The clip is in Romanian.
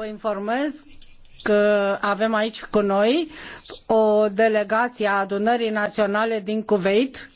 Vă informez că avem aici cu noi o delegație a adunării naționale din Kuwait